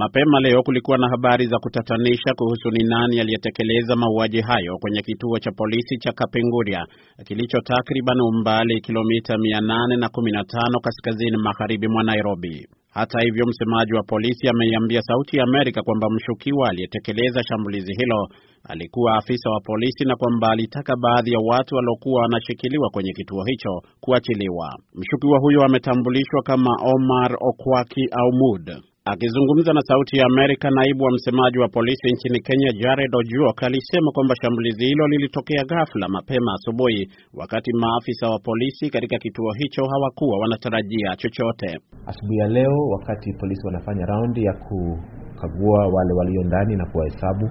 Mapema leo kulikuwa na habari za kutatanisha kuhusu ni nani aliyetekeleza mauaji hayo kwenye kituo cha polisi cha Kapenguria kilicho takriban umbali kilomita 815 kaskazini magharibi mwa Nairobi. Hata hivyo, msemaji wa polisi ameiambia Sauti ya Amerika kwamba mshukiwa aliyetekeleza shambulizi hilo alikuwa afisa wa polisi na kwamba alitaka baadhi ya watu waliokuwa wanashikiliwa kwenye kituo hicho kuachiliwa. Mshukiwa huyo ametambulishwa kama Omar Okwaki Aumud. Akizungumza na Sauti ya Amerika, naibu wa msemaji wa polisi nchini Kenya Jared Ojuok alisema kwamba shambulizi hilo lilitokea ghafla mapema asubuhi, wakati maafisa wa polisi katika kituo hicho hawakuwa wanatarajia chochote. Asubuhi ya leo, wakati polisi wanafanya raundi ya kukagua wale walio ndani na kuwahesabu,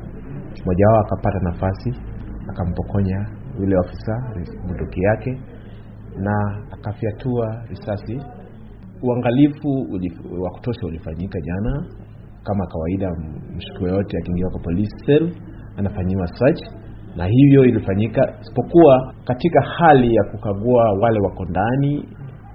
mmoja wao akapata nafasi akampokonya yule ofisa bunduki yake na akafyatua risasi uangalifu wa kutosha ulifanyika jana. Kama kawaida, mshukuo yote akiingia kwa police cell anafanyiwa search, na hivyo ilifanyika, isipokuwa katika hali ya kukagua wale wako ndani,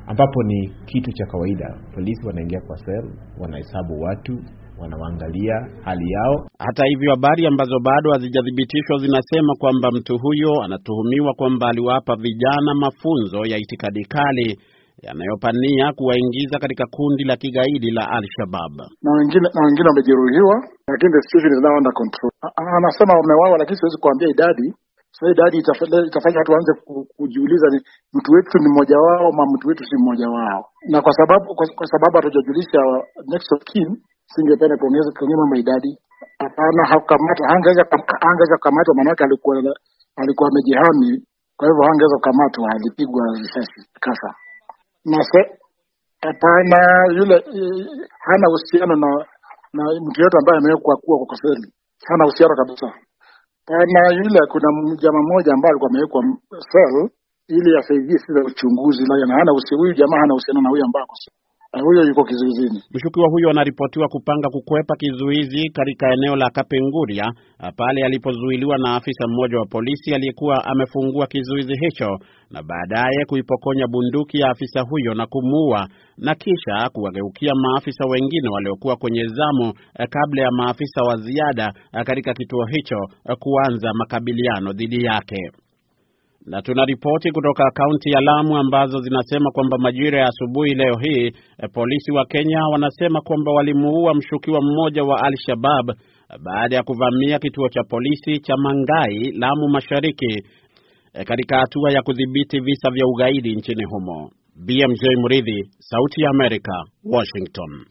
ambapo ni kitu cha kawaida. Polisi wanaingia kwa sel, wanahesabu watu wanawaangalia hali yao. Hata hivyo, habari ambazo bado hazijathibitishwa zinasema kwamba mtu huyo anatuhumiwa kwamba aliwapa vijana mafunzo ya itikadi kali yanayopania kuwaingiza katika kundi la kigaidi la Al-Shabab. Na wengine na wengine wamejeruhiwa, lakini the situation is now under control. Anasema wamewawa, lakini siwezi kuambia idadi. Sasa idadi itafanya watu waanze kujiuliza, ni mtu wetu ni mmoja wao ama mtu wetu si mmoja wao, na kwa sababu kwa sababu hatujajulisha uh, next of kin, singependa kuongeza kuongeza mambo idadi. Hapana, hakukamata, hangeweza kukamatwa, maanake alikuwa alikuwa amejihami, kwa hivyo hangeweza kukamatwa, alipigwa risasi kasa Masa, hapana yule hana uhusiano na na mtu yote ambaye amewekwa kuwa kwa kafeli, hana uhusiano kabisa. Pana yule, kuna jamaa mmoja ambaye alikuwa amewekwa sel ili asaidie sisi uchunguzi, na hana uhusiano huyu jamaa, hana uhusiano na huyu ambaye huyo yuko kizuizini. Mshukiwa huyo anaripotiwa kupanga kukwepa kizuizi katika eneo la Kapenguria ah, pale alipozuiliwa na afisa mmoja wa polisi aliyekuwa amefungua kizuizi hicho na baadaye kuipokonya bunduki ya afisa huyo na kumuua na kisha kuwageukia maafisa wengine waliokuwa kwenye zamu eh, kabla ya maafisa wa ziada eh, katika kituo hicho eh, kuanza makabiliano dhidi yake. Na tuna ripoti kutoka kaunti ya Lamu ambazo zinasema kwamba majira ya asubuhi leo hii e, polisi wa Kenya wanasema kwamba walimuua mshukiwa mmoja wa Al-Shabab baada ya kuvamia kituo cha polisi cha Mangai, Lamu Mashariki, e, katika hatua ya kudhibiti visa vya ugaidi nchini humo. BMJ Mridhi, Sauti ya Amerika, Washington.